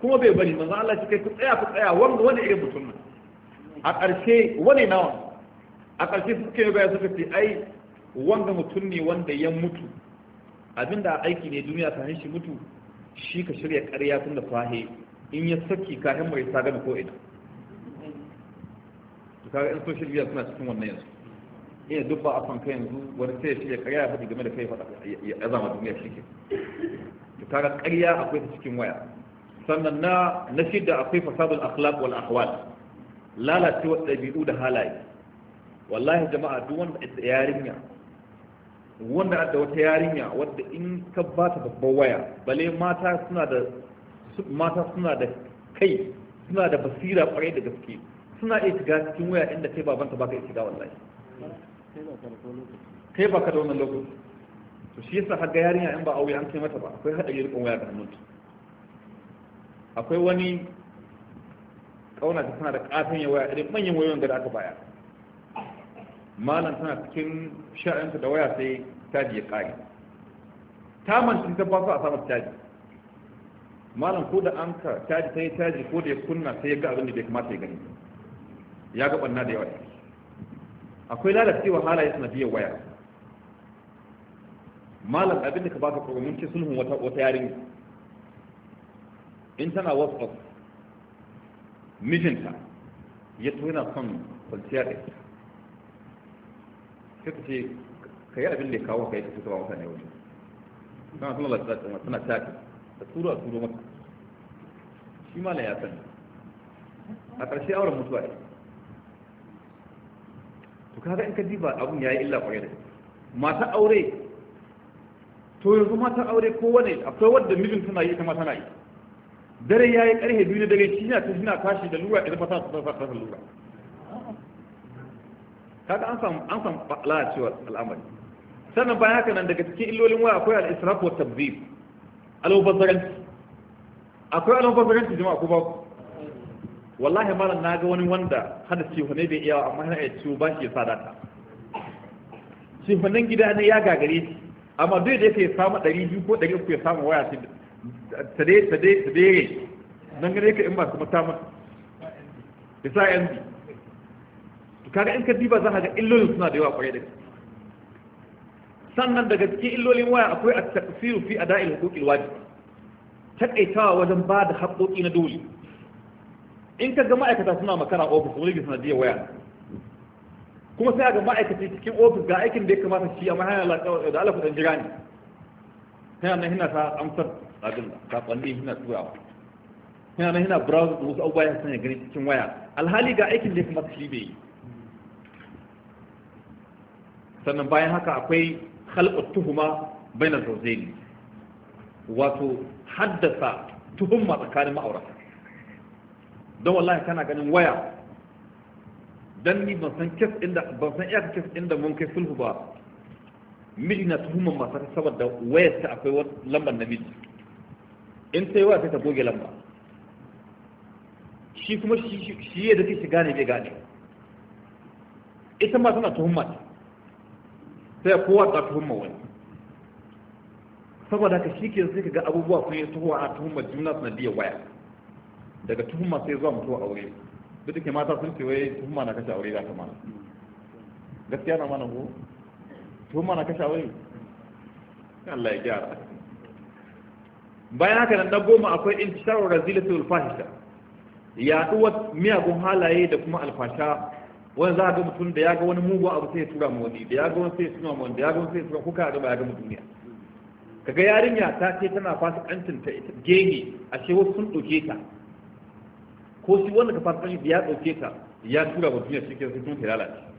kuma bai bari manzo Allah shi kai ku tsaya ku tsaya wanda wani irin mutum ne a ƙarshe wani nawa a ƙarshe suke bayan suka ce ai wanda mutum ne wanda ya mutu abinda aiki ne duniya ta shi mutu shi ka shirya ƙarya tun da fahe in ya saki kayan mai ta gani ko ina to kaga in social media suna cikin wannan yanzu ina duk ba a san kai yanzu wani sai ya shirya ƙarya ya faɗi game da kai faɗa ya zama duniya shi ke to kaga ƙarya akwai ta cikin waya sannan na na da akwai fasadul akhlaq wal ahwal lalacewar ɗabi'u da halaye wallahi jama'a duk wanda da yarinya wanda da wata yarinya wadda in ka ba ta babban waya bale mata suna da mata suna da kai suna da basira kwarai da gaske suna iya shiga cikin waya inda kai babanta baka iya shiga wallahi kai baka da wannan lokaci to shi yasa har ga yarinya in ba aure an kai mata ba akwai hada rikon waya ga hannunta akwai wani kauna ta tana da katon ya waya irin manyan wayoyin da aka baya malam tana cikin sha'anta da waya sai caji ya kare ta mantin ta ba su a samun caji malam ko da an ka caji ta yi caji ko da ya kunna sai ya ga abin da bai kamata ya gani ya ga banna da yawa akwai lalacewa halaye suna biyan waya malam abin da ka ba ka kurgumin ce sulhun wata yarinya in tana wasu mijinta ya to yana son kwanciya da ita sai ta ce ka yi abin da ya kawo ka yi ta fito mutane wajen tana suna lafiya kuma tana tafi da turo a turo mata shi ma ya sani a ƙarshe auren mutuwa ne to kaga in ka diba abin ya yi illa kwarai da mata aure to yanzu mata aure kowane akwai wadda mijin tana yi ita ma tana yi dare ya yi karhe biyu da dare shi na tuna tashi da lura idan fata ta fata lura kaga an samu an samu cewa al'amari sannan bayan haka nan daga cikin illolin waya akwai al-israf wa tabdhib al akwai al-mubazzaranci jama'a ko ba wallahi malam naga wani wanda hada ciwo ne bai iya amma yana iya ciwo ba shi ya sadata ciwo nan gida ne ya gagare shi amma duk da yake ya samu 200 ko 300 ya samu waya sai ta dai ta nan gane ka in ba kuma ta mata da sa yanzu to kaga in ka diba za ka ga illolin suna da yawa kwarai da sannan daga cikin illolin waya akwai a tafsiru fi ada'il huquqil wajib takaitawa wajen ba da haƙoƙi na dole in ka ga ma'aikata suna makara ofis wani bisa sanadiyar waya kuma sai a ga ma'aikaci cikin ofis ga aikin da ya kamata shi amma hanyar da alaƙa da jira ne tana nan hina ta amsar abin da sakonni hina turawa tana nan hina browser da wasu abubuwa ya sanya gani cikin waya alhali ga aikin da ya kamata shi bai yi sannan bayan haka akwai khalqat tuhuma bainar zawjayn wato haddasa tuhun ma tsakanin ma'aurata don wallahi kana ganin waya dan ni ban san kes inda ban san iya kes inda mun kai sulhu ba miji na tuhumar matar saboda wayar ta akwai lambar namiji in ta yi waya sai ta goge lamba shi kuma shi yadda ta shiga ne bai gane ita ma tana tuhumar sai kowa ta tuhumar wani saboda haka shi ke sai ka ga abubuwa sun yi tuhuwa a tuhumar juna biya waya daga tuhuma sai zuwa mutuwa aure duk da ke mata sun ce wai tuhuma na kashe aure za ta mana gaskiya na mana ko to mana kasha wani Allah ya gyara bayan haka nan na goma akwai intisharu razilatul fahisha yaduwar miyagun halaye da kuma alfasha wani za a ga mutum da ya ga wani mugun abu sai ya tura mu wani da ya ga wani sai ya tura mu wani da ya ga wani sai ya tura kuka ga ba ya ga mutum ne kaga yarinya ta ce tana fasikancin ta ita gege a ce wasu sun ɗauke ta ko shi wanda ka fasikancin ya ɗauke ta ya tura mutum ya cikin sun ta lalace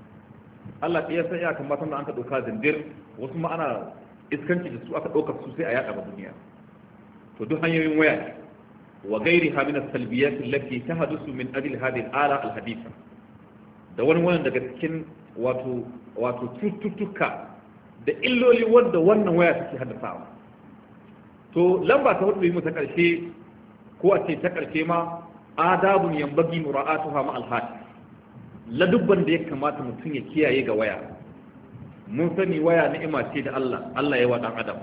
Allah ya san ya kamata an ka ɗauka zindir wasu ma ana iskanci da su aka ɗaukar su sai a yaɗa ba duniya to duk hanyoyin waya ne wa gairi ha min as-salbiyat allati tahdusu min ajli hadhihi al-ala al-haditha da wani wannan daga cikin wato wato cututtuka da illoli wanda wannan waya take haddasawa to lamba ta hudu mu ta karshe ko a ce ta karshe ma adabun yanbaghi mura'atuha ma al-hadith ladubban da ya kamata mutum ya kiyaye ga waya mun sani waya ni'ima ce da Allah Allah ya wadan adam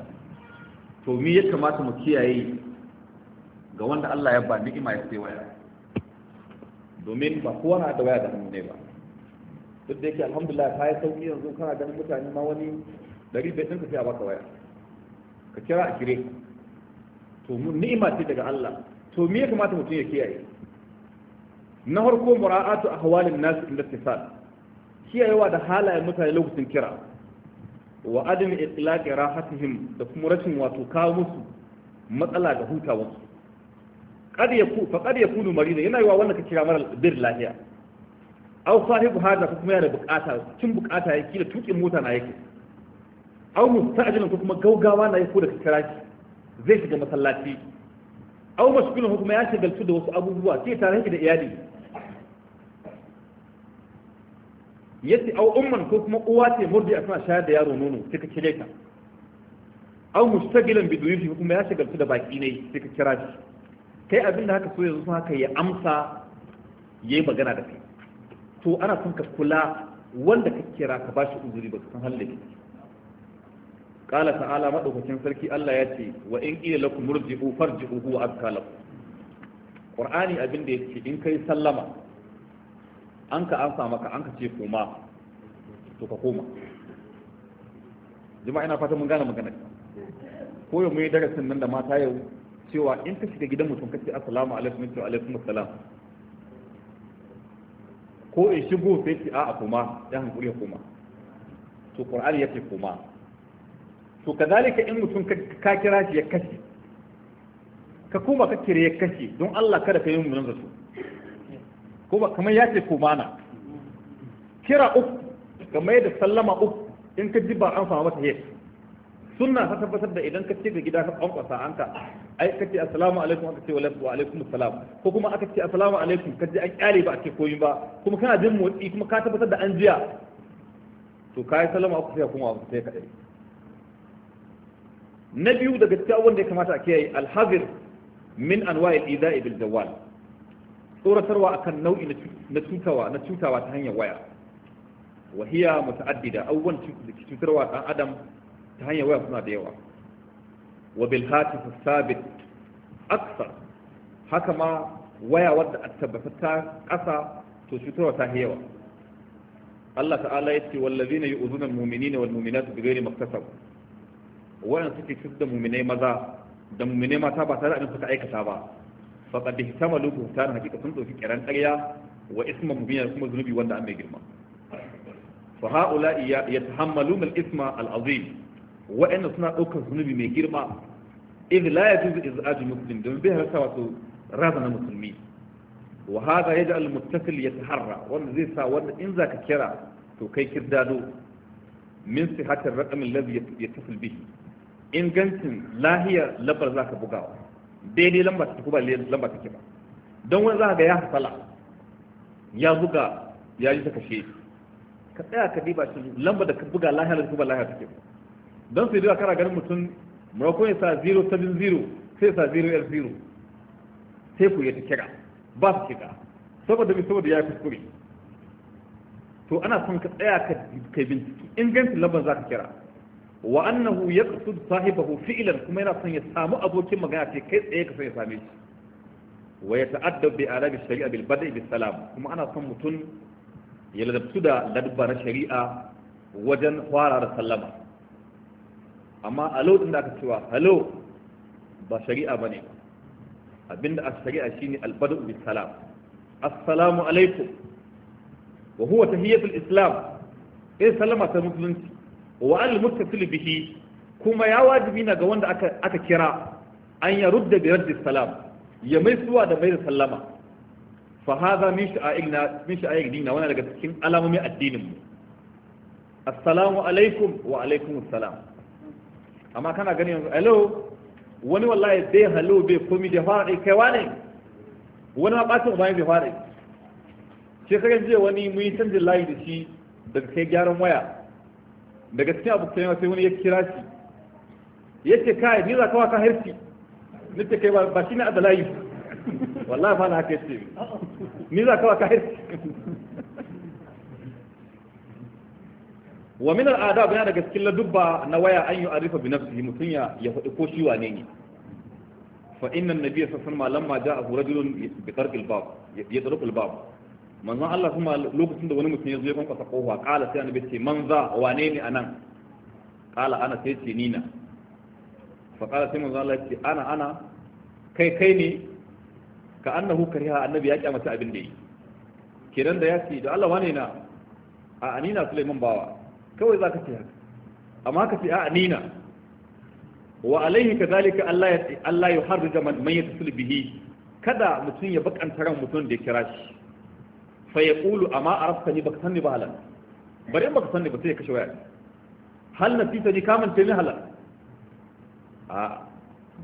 to mi ya kamata mu kiyaye ga wanda Allah ya ba ni'ima ya sai waya domin ba kowa na da waya da hannu ne ba duk da yake alhamdulillah ta yi sauki yanzu kana ganin mutane ma wani dari bai ɗinka sai a baka waya ka kira a kire to ni'ima ce daga Allah to mi ya kamata mutum ya kiyaye na harko mura'atu hawalin nasu inda tisal kiyayewa da halayen mutane lokacin kira wa adam itlaqi rahatihim da kuma rashin wato kawo musu matsala ga hutawansu kad yaku fa kad yakunu marida yana yiwa wanda ka kira mara bir lahiya Au sahibu hada kuma yana bukata cin bukata yake da tukin mota na yake aw ko kuma gaugawa na yake da kira shi zai shiga masallaci aw mashgulun kuma ya shagaltu da wasu abubuwa sai tare da iyali yace au umman ko kuma uwa ce murdi a tana shayar da yaro nono sai ka kire ta au mustaqilan bi duyufi kuma ya shiga da baki ne sai ka kira shi kai abin da haka so yanzu haka ya amsa yayi magana da kai to ana son ka kula wanda ka kira ka ba shi uzuri ba san ne qala ta'ala madaukakin sarki Allah ya ce wa in qila lakum murji'u farji'u huwa akalakum qur'ani abin da yake in kai sallama an ka an maka an ka ce koma to ka koma jama'a ina fata mun gane magana ko yau mai darasin nan da mata yau cewa in ka shiga gidan mutum kace assalamu alaikum wa alaikum assalam ko in shigo sai ce a'a koma ya hankuri ya koma to qur'ani yake koma to kazalika in mutum ka kira shi ya kashe ka koma ka kire ya kashe don Allah kada ka yi mun zato ko ba kamar ya ce kumana kira uku kamar da sallama uku in ka ji ba an samu mata yes sunna ta tabbatar da idan ka ce ga gida ka kwankwasa an ka ai ka ce assalamu alaikum aka ce wa alaikum assalam ko kuma aka ce assalamu alaikum ka ji an kyale ba a ce koyi ba kuma kana jin motsi kuma ka tabbatar da an jiya to ka yi sallama uku sai kuma sai ka dai na biyu daga cikin abubuwan da ya kamata a kiyaye alhazir min anwa'il ida'i bil jawal tsoratarwa akan nau'i na cutawa na cutawa ta hanyar waya wahiya muta'addida abubuwan cutarwa dan adam ta hanyar waya suna da yawa wa bil hatif sabit aksar haka ma waya wadda a tabbata kasa to cutarwa ta yawa Allah ta'ala ya ce wallazina yu'zuna al-mu'minina wal mu'minatu bighairi maktasabu wannan suke cutar da mu'minai maza da mu'minai mata ba tare da abin suka aikata ba da faqad ihtamalu buhtan hakika sun ɗauki kiran ƙarya wa isma isman mubina kuma zunubi wanda an mai girma fa haula yatahammaluna al-isma al-azim wa inna suna ɗaukar zunubi mai girma idh la yajuzu izaj muslim dan bai harka wato na musulmi wa hada yaj'al al-muttasil yataharra wanda zai sa wanda in za ka kira to kai kirdado min sihatir raqam alladhi yattasil bihi ingancin lahiya labar ka bugawa daidai lamba ta ba lamba ke ba don wani za a ga ya hasala ya buga ya yi ta kashe ka tsaya ka diba shi lamba da ka buga lahiyar da ba ta ke ba don sai dai kara ganin mutum maimakon ya sa 0 sai sa 0l0 sai ku ya ta kira ba su kira saboda mai saboda ya kuskure to ana son ka tsaya ka binciki ingancin lambar za ka kira wa annahu yaqsud sahibahu fi'lan kuma yana son ya samu abokin magana ce kai tsaye ka son ya same shi wa yata'addab bi adabi shari'a bil bada'i bis salam kuma ana son mutum ya ladabtu da ladabba na shari'a wajen fara da sallama amma a lokacin da aka cewa halo ba shari'a bane abinda a shari'a shine al bada'u bis salam assalamu alaikum wa huwa tahiyatul islam eh sallama ta musulunci wa al-muttasil bihi kuma ya wajibi na ga wanda aka aka kira an ya rudda bi raddi salam ya mai suwa da mai sallama fa hadha min sha'ilna min sha'il dinna wannan daga cikin alamomin addinin mu assalamu alaikum wa alaikum assalam amma kana gani yanzu hello wani wallahi dai hello bai komi da fara kai wane wani ma bacin bayan bai fara shi kaga je wani mun yi canjin layi da shi daga kai gyaran waya daga cikin abokan sai wani ya kira shi ya ce kai ni za ka waka harfi ni ce kai ba shi ne a dalayi wallahi ba na haka ya yace ni za ka waka harfi wa min al'ada yana daga cikin ladubba na waya an yi arifa bi nafsihi mutun ya ya faɗi ko shi wane ne fa inna an-nabiy sallallahu alaihi wasallam lamma ja'a rajulun bi tarqil bab yatrqul bab manzon Allah kuma lokacin da wani mutum ya zo ya kwankwasa kofa kala sai annabi ce man za wane ne anan kala ana sai ce nina fa kala sai manzon Allah ya ce ana ana kai kai ne ka annahu kariha annabi ya kyamata abin da yi kenan da ya ce da Allah wane na a anina Suleiman bawa kawai zaka ce haka amma ka ce a anina wa alaihi kadhalika Allah ya Allah ya harrija man yatasul bihi kada mutum ya bakanta ran mutum da ya kira shi fa ya kulu amma arabta ni baka sanni ba halal bari baka sanni ba sai ya kashe waya hal na nasita ni kaman tani halal a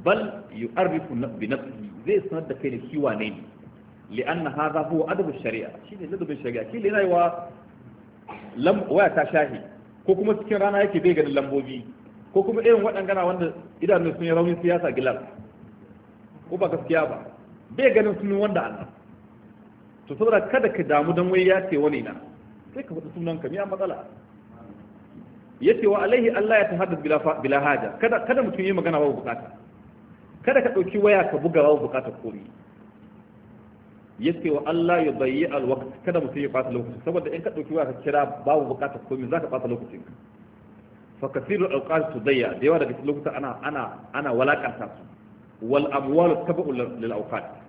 bal yu'arifu bi nafsihi zai sanar da kai ne shi wane ne li'anna hadha huwa adabu shari'a shine ladabin shari'a kila yana wa lam waya ta shahi ko kuma cikin rana yake bai ganin lambobi ko kuma irin waɗangana wanda idanun sun yi raunin siyasa gilas ko ba gaskiya ba bai ganin sunan wanda Allah to saboda kada ka damu dan wai ya ce wani na sai ka faɗi sunan ka miya matsala yace wa alaihi Allah ya tahaddath bila bila haja kada kada mutum yi magana babu bukata kada ka dauki waya ka buga babu bukata komai yace wa Allah ya bayyi alwaqt kada mutum ya fata lokaci saboda in ka dauki waya ka kira babu bukata komai zaka fata lokacin ka fa kathiru alqas tudayya da yawa daga lokuta ana ana ana walakanta su wal amwalu tabu'u lil awqat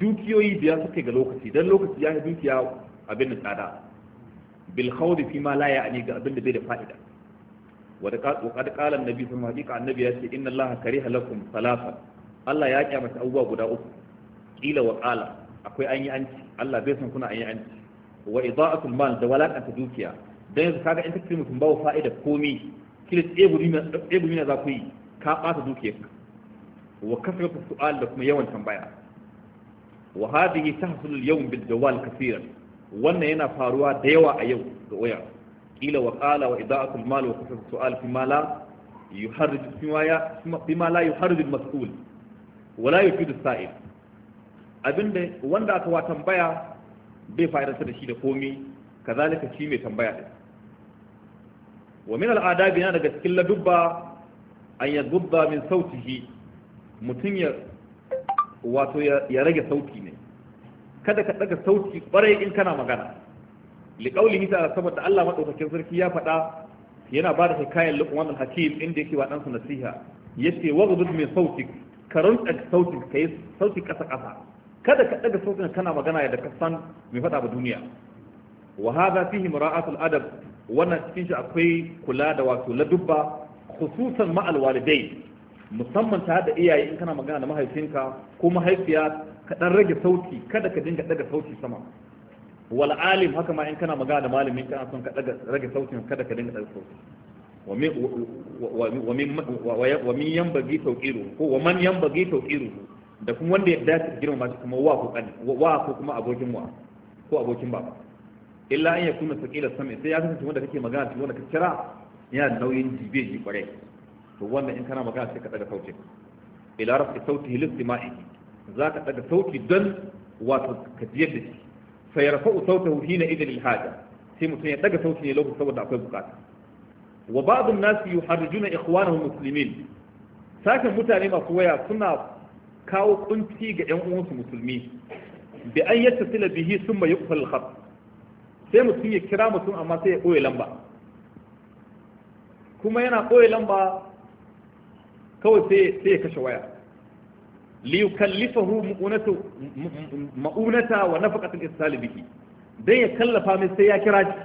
dukiyoyi biya suka ga lokaci don lokaci ya dukiya abin da tsada bil khawdi fi ma la ya'ni ga abin da bai da fa'ida wa qad qala an-nabi sun haqiqa annabi ya ce inna allaha kariha lakum salasa Allah ya kyamata abubuwa guda uku kila wa qala akwai an yi anci Allah bai san kuna an yi anci wa ida'atul mal da walakanta dukiya dan yanzu kaga in take mutum bawo fa'ida komi kila tseburi na za ku yi ka ɓata dukiyarka wa kasratu su'al da kuma yawan tambaya wa hadhihi tahsul al-yawm bil jawal kaseeran wannan yana faruwa da yawa a yau ga waya kila wa qala wa ida'atul mal wa kasratu su'al fi ma la yuharrij fi ma la yuharrij al-mas'ul wa la yufid as-sa'il abinda wanda aka wa tambaya bai fa'idarsa da shi da komai kazalika shi mai tambaya din wa min al-adabi yana daga cikin ladubba an yadubba min sautihi mutum ya wato ya rage sauti ne kada ka daga sauti kwarai in kana magana liqaulihi ta'ala saboda Allah madaukakin sarki ya faɗa yana ba da hikayen luqman al-hakim inda yake wa dan sa nasiha yace waghdud mai sauti ka rantsa sautin ka yi sauti kasa kasa kada ka daga sautin kana magana da ka san mai faɗa ba duniya wa hadha fihi mura'atul adab wannan cikin shi akwai kula da wato ladubba khususan ma alwalidai musamman ta da iyaye in kana magana da mahaifinka ko mahaifiya ka dan rage sauti kada ka dinga daga sauti sama wal alim haka ma in kana magana da malamin kana son ka daga rage sautin kada ka dinga daga sauti wa min wa min yanbaghi tawqiru ko wa man yanbaghi tawqiru da kuma wanda ya dace girma shi kuma wa ko kan wa ko kuma abokin wa ko abokin baba illa an yakuna thaqila sami sai ya kasance wanda kake magana da wanda ka kira yana nauyin jibe ji kware. to wannan in kana magana sai ka daga sauti ila rafi sauti listima'i za ka daga sauti don wato ka jiyar da shi fa yarfa'u sautahu hina idan lil haja sai mutum ya daga sauti ne lokacin saboda akwai bukata wa ba'd an-nas yuharrijuna ikhwanahum muslimin sakan mutane masu waya suna kawo kunci ga 'yan uwansu musulmi bi an yattasila bihi thumma yuqfal al-khat sai mutum ya kira mutum amma sai ya boye lamba kuma yana ɓoye lamba kawai sai ya kashe waya liyukallifahu ma'unata wa nafaqatul isali biki dan ya kallafa mai sai ya kira shi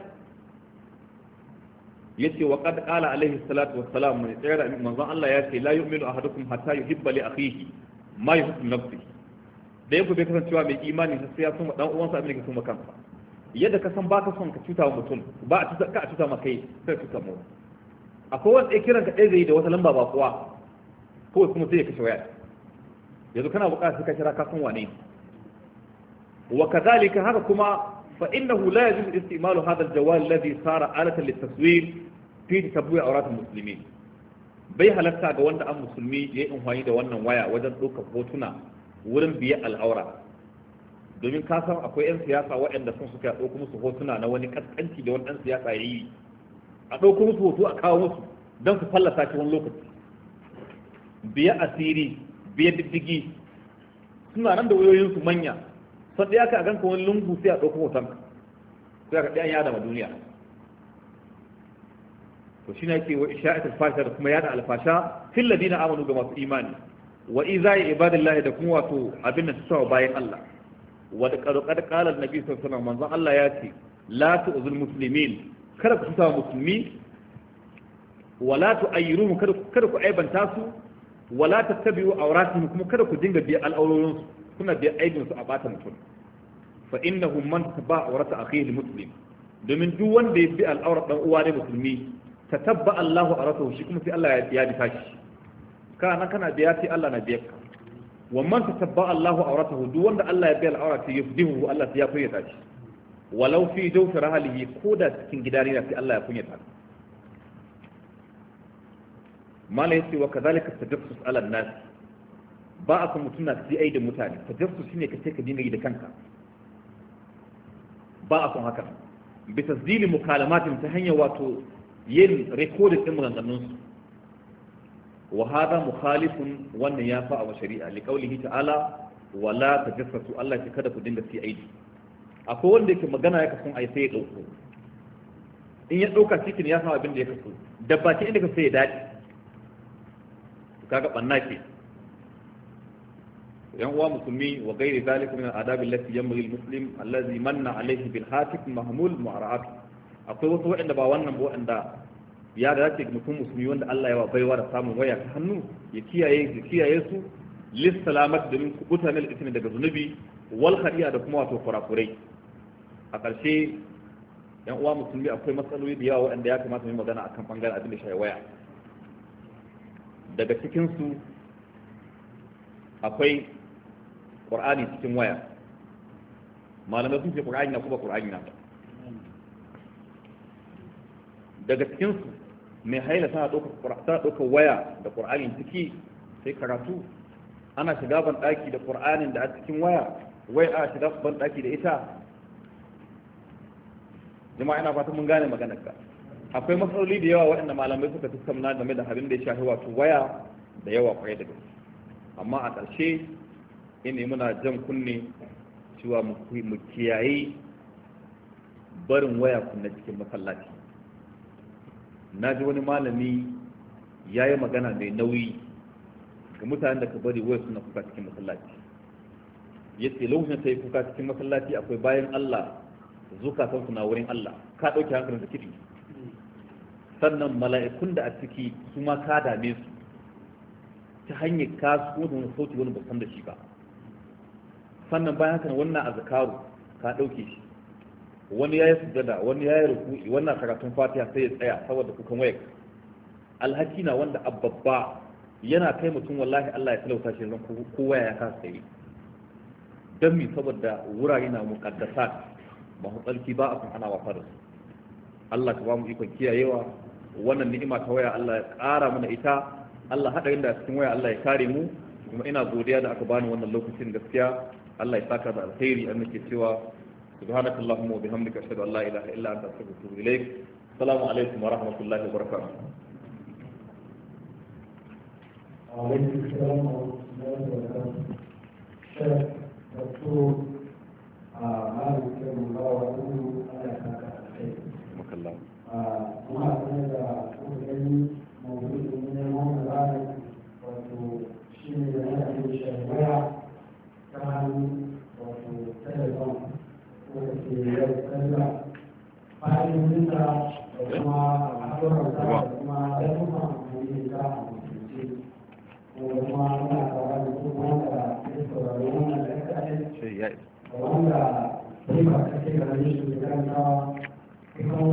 yace wa qad qala alaihi salatu wassalam mai tsayar da manzon Allah ya ce la yu'minu ahadukum hatta yuhibba li akhihi ma yuhibbu nafsi da yanku bai kasancewa mai imani sai ya so dan uwansa abin da ke so kansa yadda ka san baka son ka cuta wa mutum ba a cuta ka a cuta ma kai sai cuta mu akwai wanda ya kiran ka ɗaya zai da wata lamba ba kuwa ko kuma sai ya kashe waya yanzu kana bukatar sai ka kira ka san wane wa kadhalika haka kuma fa innahu la yajuz istimalu hadha al-jawal alladhi sara alatan lit-taswir fi tabu'i awrat al-muslimin bai halatta ga wanda an musulmi ya yi amfani da wannan waya wajen ɗaukar hotuna wurin biye al'aura domin ka san akwai 'yan siyasa waɗanda sun suka ɗauko musu hotuna na wani kaskanci da wani ɗan siyasa ya yi a ɗauko musu hoto a kawo musu don su fallasa shi wani lokaci biya asiri biya diddigi suna nan da wayoyinsu manya sun ɗaya ka a ganka wani lungu sai a ɗauko hoton ka sai a ɗaya yada ma duniya to shi ne yake wa isha'at alfasha da kuma yada alfasha fil ladina amanu ga masu imani wa iza ya ibadillah da kuma wato abin da su bayan Allah wa da qad qala annabi sallallahu alaihi wasallam manzon Allah ya ce la tu'zul muslimin kada ku tusa musulmi wa la tu'ayyiruhum kada ku aibanta su wala tattabi'u awratihim kuma kada ku dinga bi al'aurorin su kuna bi aibin su a bata mutum fa innahu man taba awrata akhihi muslim domin duk wanda ya bi al'aurar dan uwa ne musulmi tabba Allahu awratahu shi kuma sai Allah ya bi shi. kana kana biya sai Allah na biya ka wa man tatabba Allahu awratahu duk wanda Allah ya bi al'aurar sai yufdihu Allah sai ya kunyata shi walau fi jawfi rahalihi koda cikin gidari sai Allah ya kunyata shi mala yace wa kazalika tajassus ala nas ba a san mutum na ai da mutane tajassus shine ka ce ka dinga yi da kanka ba a san haka bi tasdili mukalamatin ta hanyar wato yin recording din maganganun su wa hada mukhalifun wannan ya fa a shari'a li qawlihi ta'ala wala tajassasu Allah ki kada ku dinga ci aidi akwai wanda yake magana ya kasan ai sai ya dauko in ya dauka cikin ya samu abin da ya kaso da baki inda ka sai ya dadi kaga banna ce yan uwa musulmi wa gairi zalika min al allati yanbaghi muslim allazi manna alayhi bil hatif mahmul mu'arab akwai wasu waɗanda ba wannan ba waɗanda ya dace ga mutum musulmi wanda Allah ya ba baiwa da samun waya ta hannu ya kiyaye su kiyaye su lissalamat domin kubuta ismi daga zunubi wal khadi'a da kuma wato kurakurai a ƙarshe yan uwa musulmi akwai matsaloli da yawa waɗanda ya kamata mu magana akan bangaren abin da shi waya daga cikinsu akwai ƙur'ani cikin waya malamai sun ce ƙur'ani na kuma ƙur'ani na daga cikinsu mai haila tana ɗauka waya da ƙur'ani ciki sai karatu ana shiga ban ɗaki da ƙur'anin da a cikin waya wai a shiga ban ɗaki da ita jama'a ina fatan mun gane maganar ka akwai matsaloli da yawa waɗanda malamai suka tattauna game da abin da ya shafi wato waya da yawa kwarai da gaske amma a ƙarshe ina muna jan kunne cewa mu kiyaye barin waya kunna cikin masallaci na ji wani malami ya yi magana mai nauyi ga mutanen da ka bari waya suna kuka cikin masallaci ya ce lokacin ta yi kuka cikin masallaci akwai bayan allah zukatan na wurin allah ka ɗauki hankalin da kiɗi sannan mala'ikun da a ciki su ma ka dame su ta hanyar kasu da wani sauti wani basan da shi ba sannan bayan haka wannan Zakaru ka ɗauke shi wani ya yi sujada wani ya yi ruku'i wannan karatun fatiha sai ya tsaya saboda kukan wayar alhaki na wanda ababba yana kai mutum wallahi Allah ya talauta shi zan kowa ya kasa yi dan mi saboda wurare na muqaddasat ba tsarki ba a ana wasa da su Allah ka ba mu ikon kiyayewa wannan ni'ima ta waya Allah ya ƙara mana ita Allah haɗa inda cikin waya Allah ya kare mu kuma ina godiya da aka bani wannan lokacin gaskiya Allah ya saka da alheri an nake cewa subhanakallahumma wa bihamdika ashhadu an la ilaha illa anta astaghfiruka wa atubu ilaik assalamu alaikum wa rahmatullahi wa barakatuh وعليكم السلام ورحمة الله وبركاته